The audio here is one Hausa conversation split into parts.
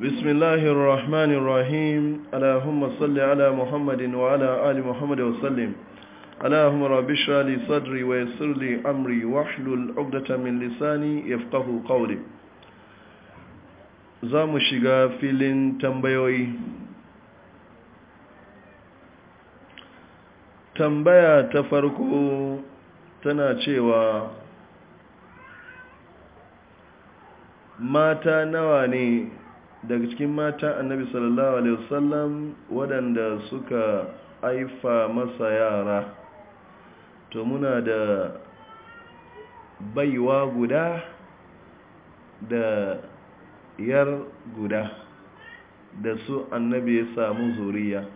بسم الله الرحمن الرحيم اللهم صل على محمد وعلى آل محمد وسلم اللهم رب اشرح لي صدري ويسر لي امري واحلل عقدة من لساني يفقهوا قولي زامو شيغا filin تمبايوي تمبايا ta farko tana ماتا نواني daga cikin mata annabi sallallahu alaihi wasallam waɗanda suka aifa masa yara to muna da baiwa guda da yar guda da su annabi ya samu zuriya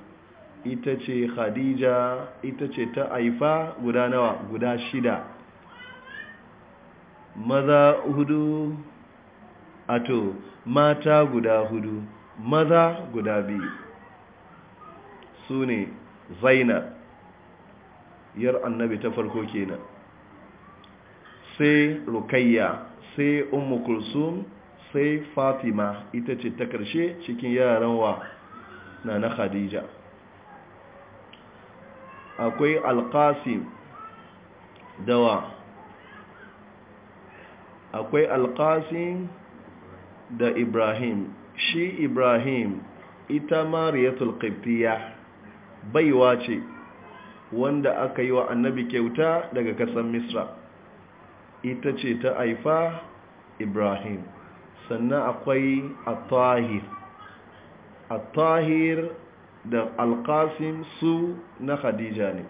ita ce khadija ita ce ta aifa guda nawa guda shida maza hudu ato mata guda hudu maza guda biyu su ne zainab yar annabi ta farko kenan sai rukayya sai ummu kulsum sai fatima ita ce ta karshe cikin yaran wa na na khadija akwai alkasim dawa akwai alkasim da ibrahim shi ibrahim ita mariyatul qibtiya baiwa ce wanda aka yi wa annabi kyauta daga kasar misra ita ce ta haifa ibrahim sannan akwai Atahir. tahir da alkasim su na khadija ne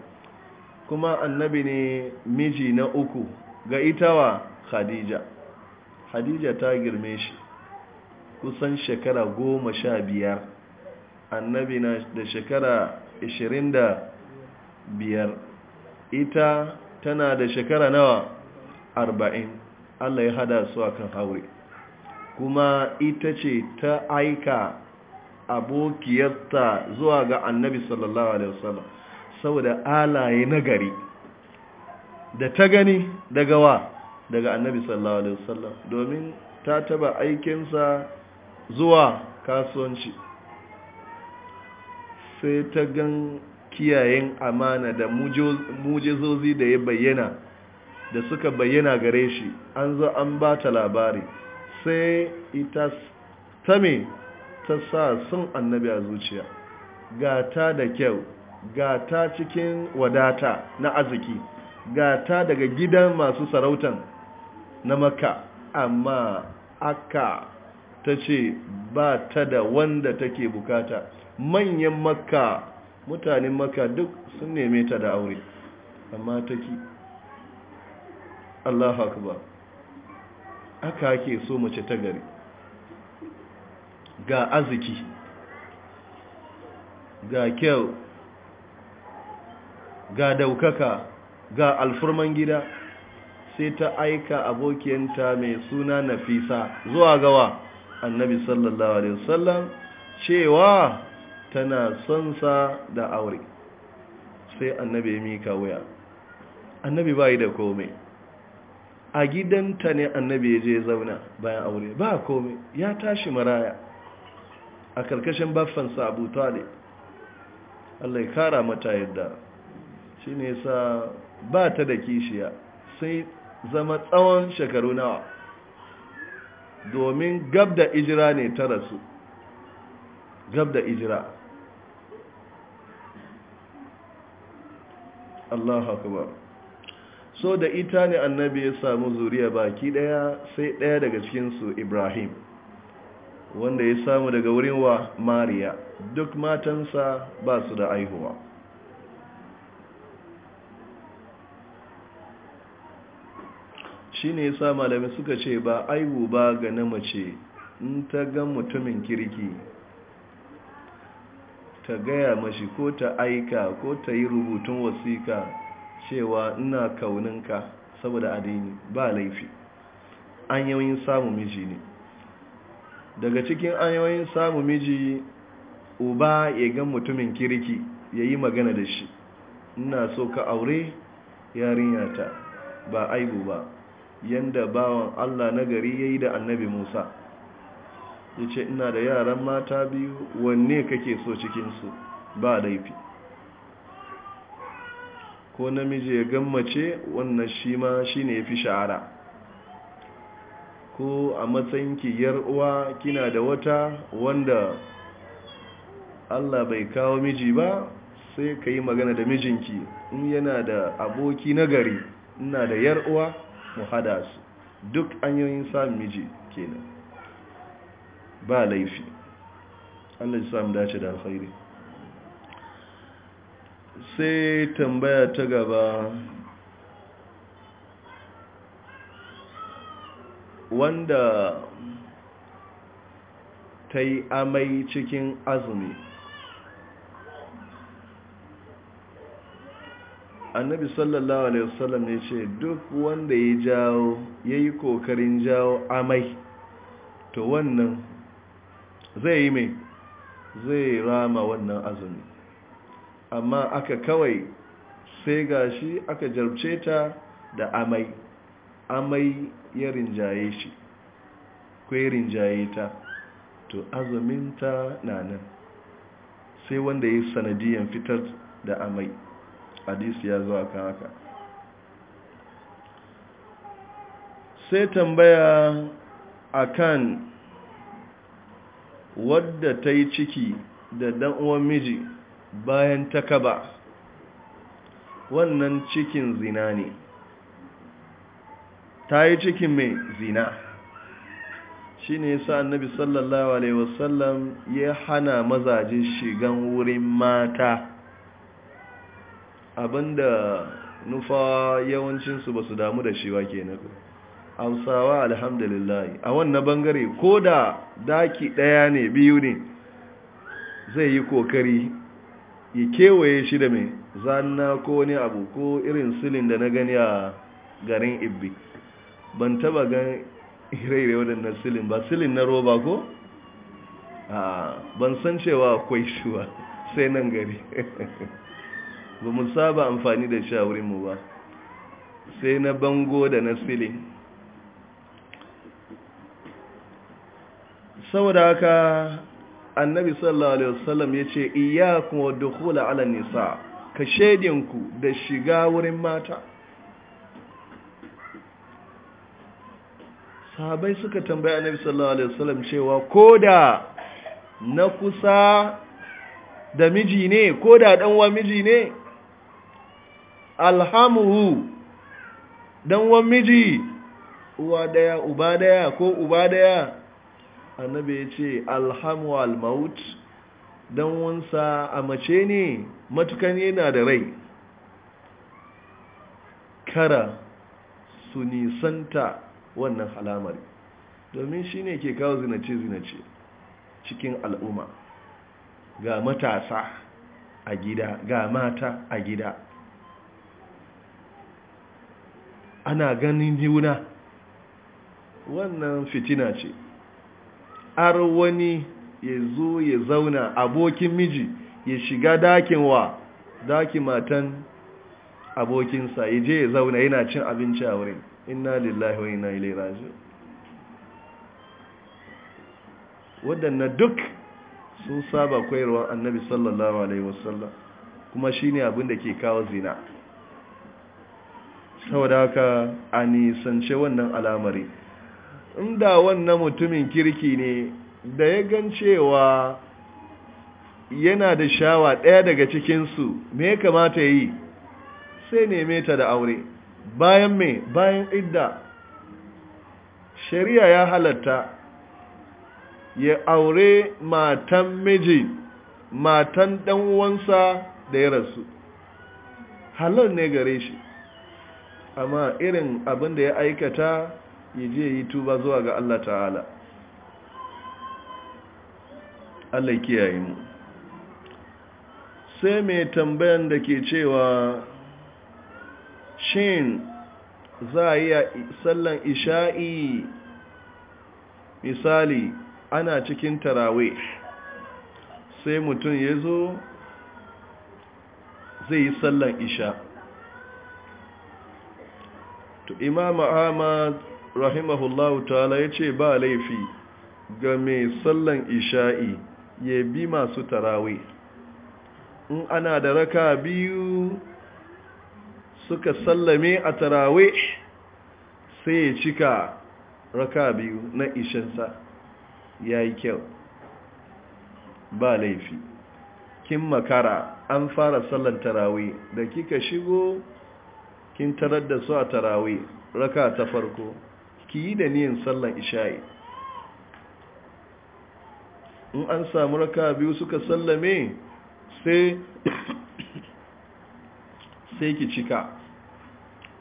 kuma annabi ne miji na uku ga itawa khadija khadija ta girme shi kusan shekara goma sha biyar annabi na da shekara ishirin da biyar ita tana da shekara nawa arba'in allah ya hada su a kan haure kuma ita ce ta aika abokiyarta zuwa ga annabi sallallahu alaihi wasallam saboda alaye nagari da ta gani daga wa daga annabi sallallahu alaihi wasallam domin ta taba aikinsa zuwa kasuwanci sai ta gan kiyayen amana da mujizozi da ya bayyana da suka bayyana gare shi an zo an ba ta labari sai ita tame ta sa sun annabi a zuciya gata da kyau gata cikin wadata na arziki gata daga gidan masu sarautan na maka amma aka ta ce ba ta da wanda take bukata manyan makka mutanen makka duk sun neme ta da aure amma ta ki allahu akbar aka ake so mace ta gari ga arziki ga kyau ga daukaka ga alfurman gida sai ta aika abokiyanta mai suna nafisa zuwa gawa annabi sallallahu alaihi wasallam cewa tana son sa da aure sai annabi ya mika waya annabi bai da komai a gidanta ne annabi ya je zauna bayan aure ba komai ya tashi maraya a karkashin baffansa Abu Talib Allah ya kara mata yadda shine yasa ba ta da kishiya sai zama tsawon shekaru nawa domin gab da ijira ne ta rasu gab da ijira Allah akbar so da ita ne annabi ya samu zuriya baki daya sai daya daga cikinsu ibrahim wanda ya samu daga wurin wa mariya duk matansa ba su da aihuwa shi ne yasa malami suka ce ba aihu ba ga na mace in ta ga mutumin kirki ta gaya mashi ko ta aika ko ta yi rubutun wasika cewa ina kauninka saboda adini ba laifi an yawon samun miji ne daga cikin an yawon samun miji uba ya ga mutumin kirki ya yi magana da shi ina so ka aure yarinyata ba aibu ba yanda bawan Allah na gari ya yi da annabi Musa ya ce ina da yaran mata biyu wanne kake so cikinsu ba laifi ko namiji ya gammace wannan shi ma shi ne ya fi shahara ko a matsayin yar uwa kina da wata wanda Allah bai kawo miji ba sai ka yi magana da mijinki in yana da aboki nagari ina da yar uwa mu hada su duk hanyoyin samun miji kenan ba laifi Allah ya dace da alkhairi sai tambaya ta gaba wanda ta yi amai cikin azumi annabi sallallahu alaihi wasallam ya ce duk wanda ya jawo ya yi kokarin jawo amai to wannan zai yi mai zai rama wannan azumi amma aka kawai sai gashi aka jarce ta da amai amai ya rinjaye shi ko ya rinjaye ta to ta na nan sai wanda ya sanadiyan fitar da amai hadisi ya zo akan haka sai tambaya akan wadda ta yi ciki da dan uwan miji bayan ta kaba wannan cikin zina ne ta yi cikin mai zina shi ne sa annabi sallallahu alaihi wasallam ya hana mazajin shigan wurin mata abinda nufa yawancinsu ba su damu da shi ba ke na amsawa alhamdulillahi a wannan bangare ko da daki ɗaya ne biyu ne zai yi kokari ya kewaye shi da mai zanna ko wani abu ko irin silin da na gani a garin ibbi ban taba gan ire waɗannan silin ba silin na roba ko? ban san cewa akwai shi sai nan gari ba mu saba amfani da shawarinmu ba sai na bango da na sile saboda haka annabi sallallahu alaihi wasallam ya ce iyakun wa dukula ala nisa ka shedinku da shiga wurin mata sahabai suka tambaya annabi sallallahu alaihi wasallam cewa koda na kusa da miji ne koda danwa miji ne alhamuhu dan wan miji uwa daya uba daya ko uba daya annabi ya ce alhamu almaut dan wansa a mace ne matukan yana da rai kara su nisanta wannan halamari domin shi ne ke kawo zinace-zinace cikin al'umma ga matasa a gida ga mata a gida ana ganin juna wannan fitina ce ar wani ya zo ya zauna abokin miji ya shiga dakin wa dakin matan abokinsa ya je ya zauna yana cin abinci a wurin inna lillahi wa inna ilaihi raji'un waɗannan duk sun saba koyarwar annabi sallallahu alaihi wasallam kuma shine abin da ke kawo zina saboda haka a nisance wannan al'amari inda wannan mutumin kirki ne da ya gan cewa yana da shawa ɗaya daga cikinsu me ya kamata yi sai neme ta da aure bayan me bayan idda shari'a ya halatta ya aure matan miji matan ɗan'uwansa da ya rasu halal ne gare shi amma irin abin da ya aikata ya je yi tuba zuwa ga Allah ta'ala Allah kiyaye mu sai mai tambayan da ke cewa shin za a iya sallan isha'i misali ana cikin tarawe sai mutum ya zo zai yi sallan isha'i to imam ahmad rahimahullahu ta'ala ya ce ba laifi ga mai sallan isha'i ya bi masu tarawe in ana da raka biyu suka sallame a tarawe sai ya cika raka biyu na ishinsa ya yi kyau ba laifi kin makara an fara sallan tarawe da kika shigo kin tarar da su a tarawe raka ta farko ki yi da niyan sallan isha'i in an samu raka biyu suka sallame sai sai ki cika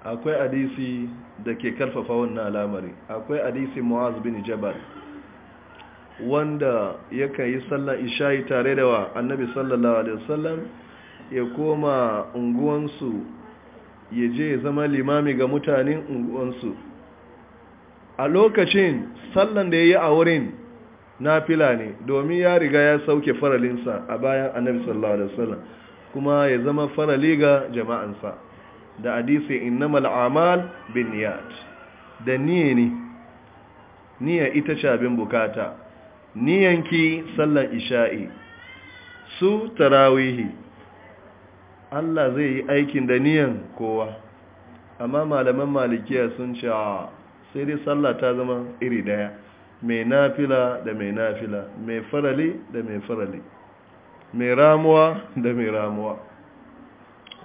akwai adisi da ke karfafa wannan al'amari akwai adisin mu'az bin jabal wanda yaka yi sallan isha'i tare da wa annabi sallallahu alaihi wasallam ya koma unguwansu ya je ya zama limami ga mutanen unguwansu a lokacin sallan da ya yi a wurin na fila ne domin ya riga ya sauke faralinsa a bayan annabi sallallahu alaihi wasallam kuma ya zama farali ga jama'ansa da hadisi innamal amal bin da niyya ne niyya ita ce abin bukata niyyanki sallan isha'i su tarawihi Allah zai yi aikin da niyan kowa amma malaman malikiya sun ce sai dai sallah ta zama iri daya mai nafila da mai nafila mai farali da mai farali mai ramuwa da mai ramuwa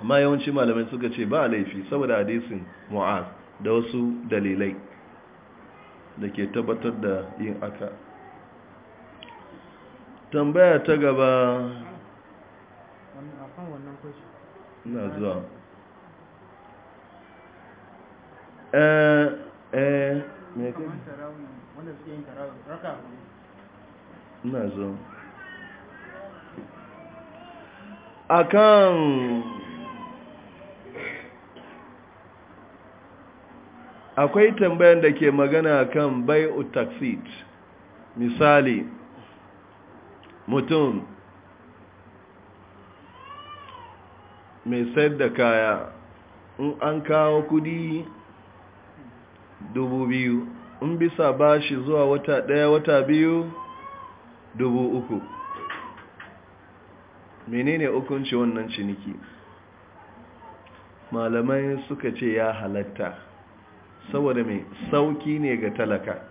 amma yawanci malamai suka ce ba laifi saboda hadisin mu'az da wasu dalilai da ke tabbatar da yin aka tambaya ta gaba wannan wannan kwashi ina zuwa eh eh me kai wanda suke yin ina zuwa akan akwai tambayan da ke magana kan bai taksit misali mutum mai sayar da kaya in an kawo kudi dubu biyu in bisa bashi zuwa wata daya wata biyu dubu uku menene hukunci wannan ciniki malamai suka ce ya halatta saboda mai sauki ne ga talaka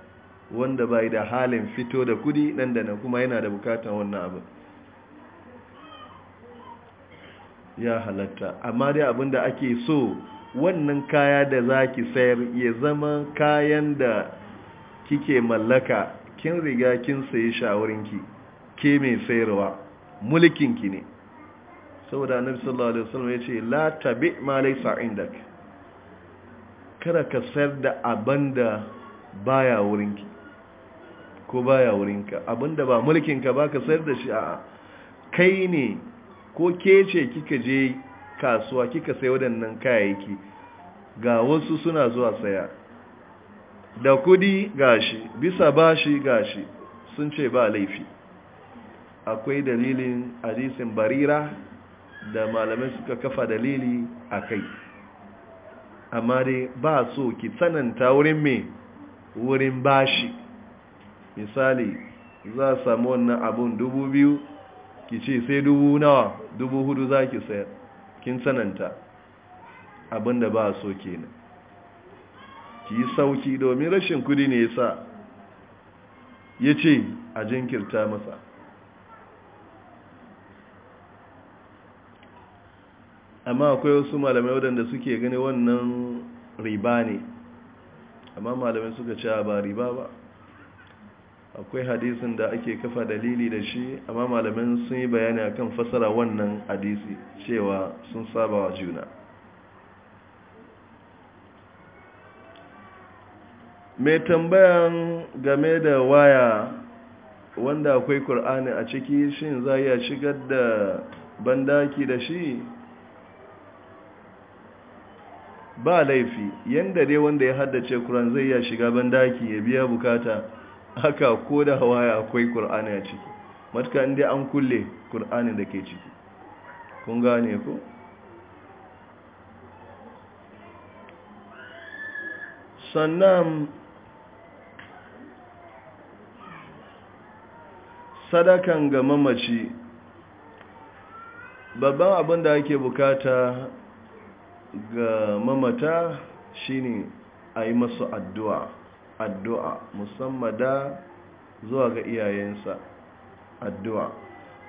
wanda bai da halin fito da kudi nan da nan, kuma yana da bukatan wannan abin ya halatta amma dai abinda ake so wannan kaya da zaki sayar ya zama kayan da kike mallaka kin riga kin sayi shawarinki ke mai sayarwa mulkinki ne saboda annabi sallallahu alaihi wasallam yace la tabi ma laysa indak kada ka sayar da abanda baya wurinki ko baya wurinka abinda ba mulkinka ba ka sayar da shi a'a kai ne ko ke ce kika je kasuwa kika sai waɗannan kayayyaki ga wasu suna zuwa saya da kudi gashi bisa bashi gashi sun ce ba laifi akwai dalilin hadisin barira da malamai suka kafa dalili a kai amma dai ba so ki tsananta wurin mai wurin bashi misali za a samu wannan abun dubu biyu ki ce sai dubu nawa dubu hudu za ki sayar kin sananta abinda ba a so kenan ki yi sauki domin rashin kudi ne yasa ya ce a jinkirta masa amma akwai wasu malamai waɗanda suke gani wannan riba ne amma malamai suka ce ba riba ba akwai hadisin da ake kafa dalili da shi amma malamin sun yi bayani akan fasara wannan hadisi cewa sun saba wa juna mai tambayan game da waya wanda akwai kur'ani a ciki shin za a shigar da bandaki da shi ba laifi yadda dai wanda ya haddace kuran zai ya shiga bandaki ya biya bukata haka ko da hawaya akwai ƙur'ani a ciki matuka inda an kulle ƙur'ani da ke ciki kun gane ku sannan sadakan ga mamaci babban abin da ake bukata ga mamata shine a yi masu addu'a addu'a musamman da zuwa ga iyayensa addu'a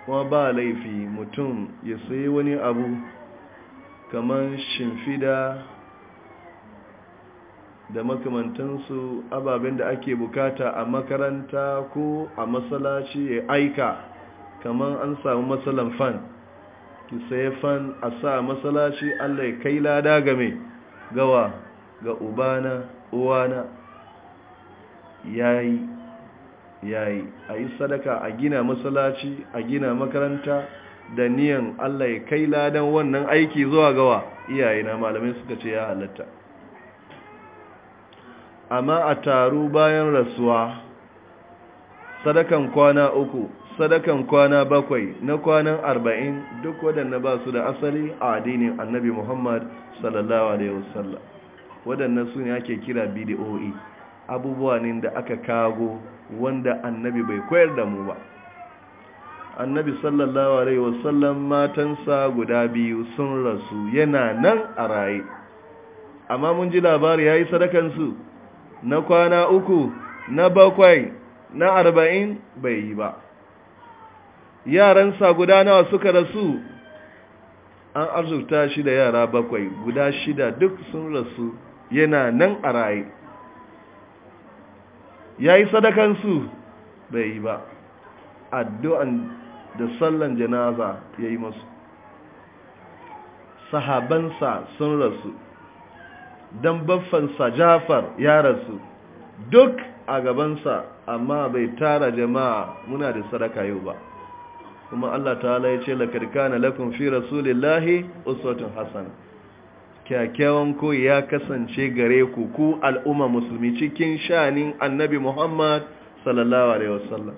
kuma ba laifi mutum ya sayi wani abu kamar shimfida da makamantansu ababen da ake bukata a makaranta ko a matsalaci ya aika kamar an samu matsalan fan ki sai fan a sa matsalaci allah ya kai lada game gawa ga ubana uwana yayi yayi a yi sadaka a gina masallaci a gina makaranta da niyan Allah ya kai ladan wannan aiki zuwa gawa iyaye na malamai suka ce ya halatta amma a taru bayan rasuwa sadakan kwana uku sadakan kwana bakwai na kwanan arba'in duk waɗanda ba su da asali a addinin annabi muhammad sallallahu alaihi wasallam waɗanda su ne ake kira bdoe abubuwa ne da aka kago wanda annabi bai koyar da mu ba annabi sallallahu alaihi wasallam matansa guda biyu sun rasu yana nan a raye amma mun ji labari ya yi sadakansu na kwana uku na bakwai na arba'in bai yi ba yaransa guda nawa suka rasu an arzuta shi da yara bakwai guda shida duk sun rasu yana nan a raye ya yi sadakansu bai yi ba addu'an da sallan janaza ya yi masu sahabansa sun rasu don baffansa jafar ya rasu duk a gabansa amma bai tara jama'a muna da sadaka yau ba kuma Allah ta halaye ce lakarka na lafin fi rasulillahi uswatun hasana kyakkyawan koyi ya kasance gare ku ku al'umma musulmi cikin shanin annabi Muhammad sallallahu alaihi wasallam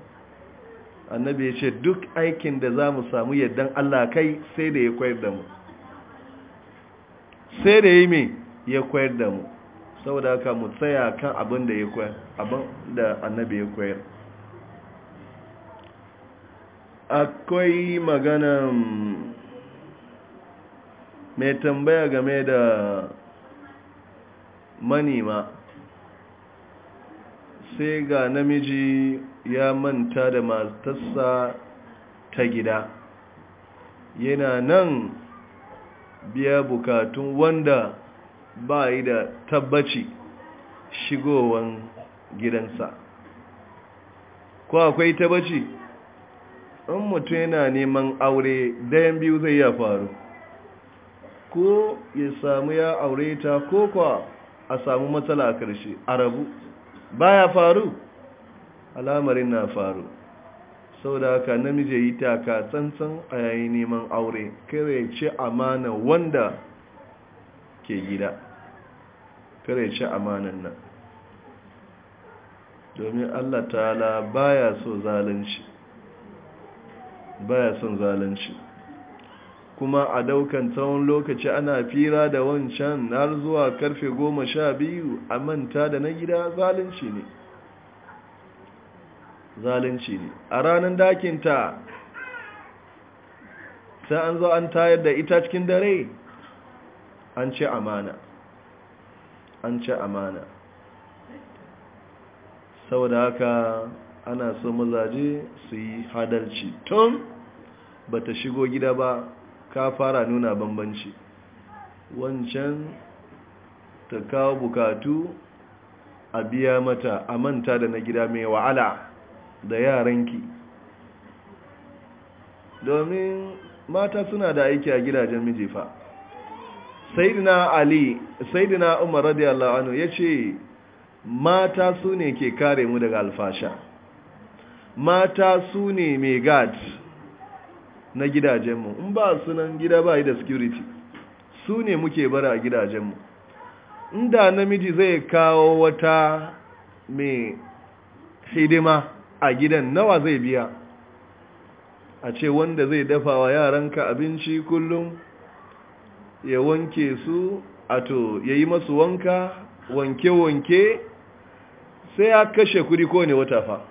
annabi ya ce duk aikin da za mu samu yaddan Allah kai sai da ya kwayar da mu sai da yi mai ya kwayar da mu saboda haka mu tsaya kan abin da ya kwayar abin da annabi ya kwayar. akwai maganan mai tambaya game da manema sai ga namiji ya manta da matarsa ta gida yana nan biya bukatun wanda ba yi da tabbaci shigowan gidansa ko akwai tabbaci in mutum yana neman aure dayan biyu zai ya faru ko ya samu ya aure ta ko kwa a samu matsala a ƙarshe a rabu baya faru alamarin na faru sau da haka namiji yi taka tsantsan a yayin neman aure kare ce amana wanda ke gida kare ce amanan nan domin allah ta'ala baya baya son zalunci kuma a daukan tsawon lokaci ana fira da wancan har zuwa karfe goma sha biyu a manta da na gida zalunci ne zalunci ne a ranar dakinta sai an zo an tayar da ita cikin dare an ce amana an ce amana saboda haka ana so mazaje su yi hadarci, tun ba ta shigo gida ba ka fara nuna bambanci wancan ta kawo bukatu a biya mata a manta da na gida mai wa'ala da yaranki domin mata suna da aiki a gidajen mijifa saidina ali saidina umar radiyallahu anhu ce mata su ne ke kare mu daga alfasha mata su ne mai gad na gidajenmu in ba nan gida ba yi da security su ne muke bara a gidajenmu inda namiji zai kawo wata mai hidima a gidan nawa zai biya a ce wanda zai dafa wa yaranka abinci kullum ya wanke su ato ya yi masu wanka wanke-wanke sai ya kashe kudi ko ne wata fa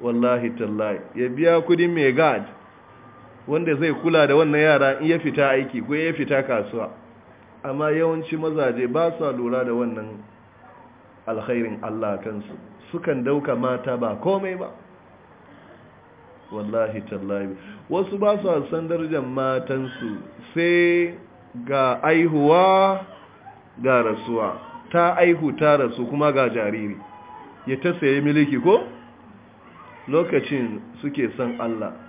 wallahi tallahi ya biya kudin mai gadi wanda zai kula da wannan yara in ya fita aiki ko ya fita kasuwa amma yawanci mazaje ba sa lura da wannan alkhairin Allah kansu sukan dauka mata ba komai ba wallahi tallahi wasu ba su san darajar matansu sai ga aihuwa ga rasuwa ta aihu ta rasu kuma ga jariri ya tasaye miliki ko lokacin suke san Allah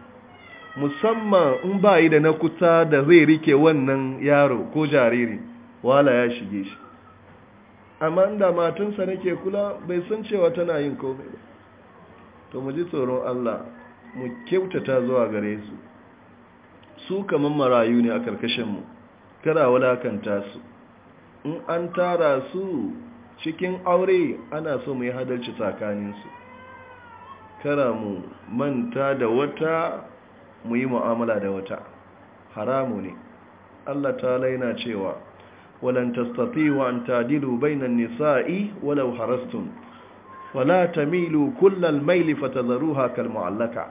musamman in ba yi da na kusa da zai rike wannan yaro ko jariri wala ya shige shi amma inda matunsa nake kula bai san cewa tana yin komai ba to mu ji tsoron Allah mu kyautata zuwa gare su su kaman marayu ne a karkashinmu kada wulakanta su in an tara su cikin aure ana so mu yi hadalci tsakaninsu kara mu manta da wata mu yi mu'amala da wata haramu ne Allah ta laina cewa walan tastati'u an tadilu bainan nisa'i walau harastum wala tamilu kullal maili fatadharuha kal mu'allaka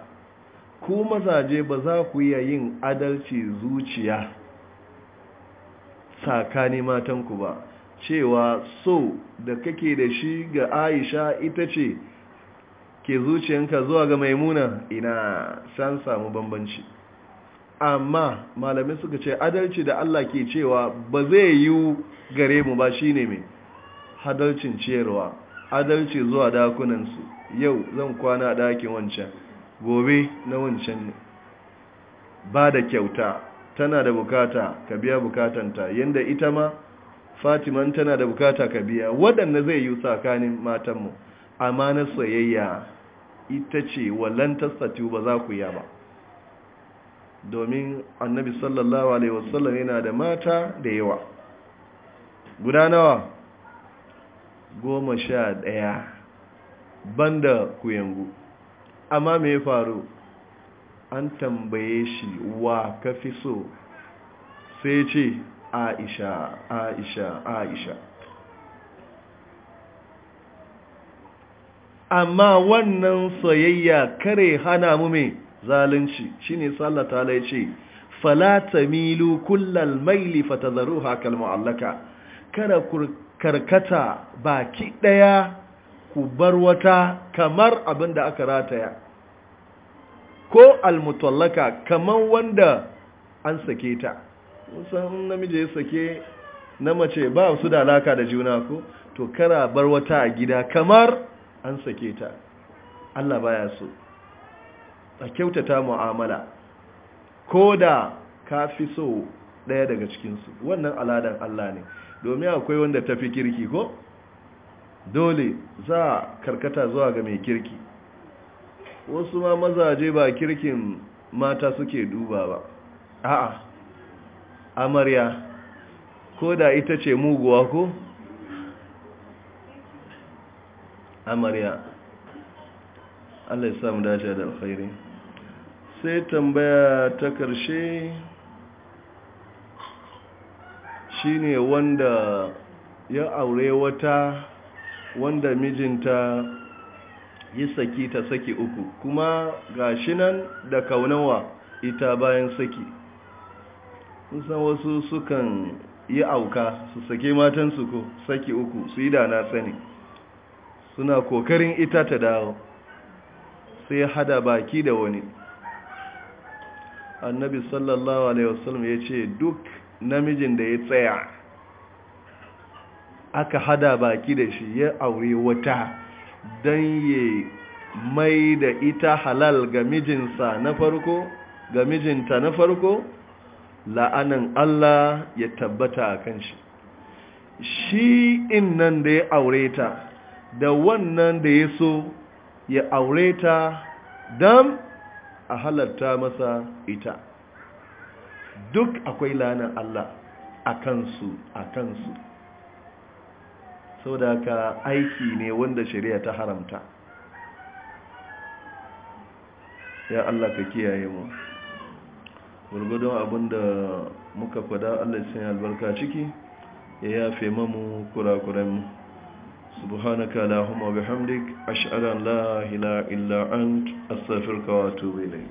ku mazaje ba za ku iya yin adalci zuciya tsakani ku ba cewa so da kake da shi ga Aisha ita ce ke zuciyanka zuwa ga maimuna ina san samu bambanci amma malamai suka ce adalci da Allah ke cewa ba zai yi gare mu ba shine mai hadalcin ciyarwa adalci zuwa dakunansu yau zan kwana dakin wancan gobe na wancan ne ba da kyauta tana da bukata ka biya bukatanta yadda ita ma fatiman tana da bukata ka biya waɗanda zai yi tsakanin matanmu amma na soyayya ita ce wallan tasatu ba za ku ya ba domin annabi sallallahu alaihi wasallam yana da mata da yawa guda nawa goma sha ɗaya banda ku kuyangu amma me ya faru an tambaye shi wa ka fi so sai ce aisha aisha aisha amma wannan soyayya kare hana mu mai zalunci shine sallah ta lai ce fala tamilu kullal maili fatadharuha kal mu'allaka kada karkata baki daya ku bar wata kamar abinda aka rataya ko al kamar wanda an sake ta musan namiji ya sake na mace ba su da alaka da juna ko to kara bar wata a gida kamar an sake ta Allah baya so a kyautata mu'amala ko da ka fi so ɗaya daga cikinsu wannan aladan Allah ne domin akwai wanda tafi kirki ko dole za a karkata zuwa ga mai kirki wasu ma mazaje ba kirkin mata suke duba ba a'a amarya ko da ita ce muguwa ko amarya allah ya samu dace da alkhairi sai tambaya ta karshe shine wanda ya aure wata wanda mijinta yi saki ta saki uku kuma ga nan da kaunawa ita bayan saki san wasu sukan yi auka su sake matansu ko saki uku su yi da na sani suna kokarin ita ta dawo sai hada baki da wani annabi sallallahu alaihi wasallam ya ce duk namijin da ya tsaya aka hada baki da shi ya aure wata don ya mai da ita halal ga mijinsa na farko ga mijinta na farko la'anan Allah ya tabbata a kan shi shi innan da ya aure ta da wannan da ya so ya aure ta don a halarta masa ita duk akwai lanar Allah a kansu a kansu sau da ka aiki ne wanda shari'a ta haramta ya Allah ka kiyaye mu gurgudun da muka fada Allah sun albarka ciki ya yafe mamu mu. subhanaka lahumma bihamdik ashhadu an la ilaha illa ant astaghfiruka wa atubu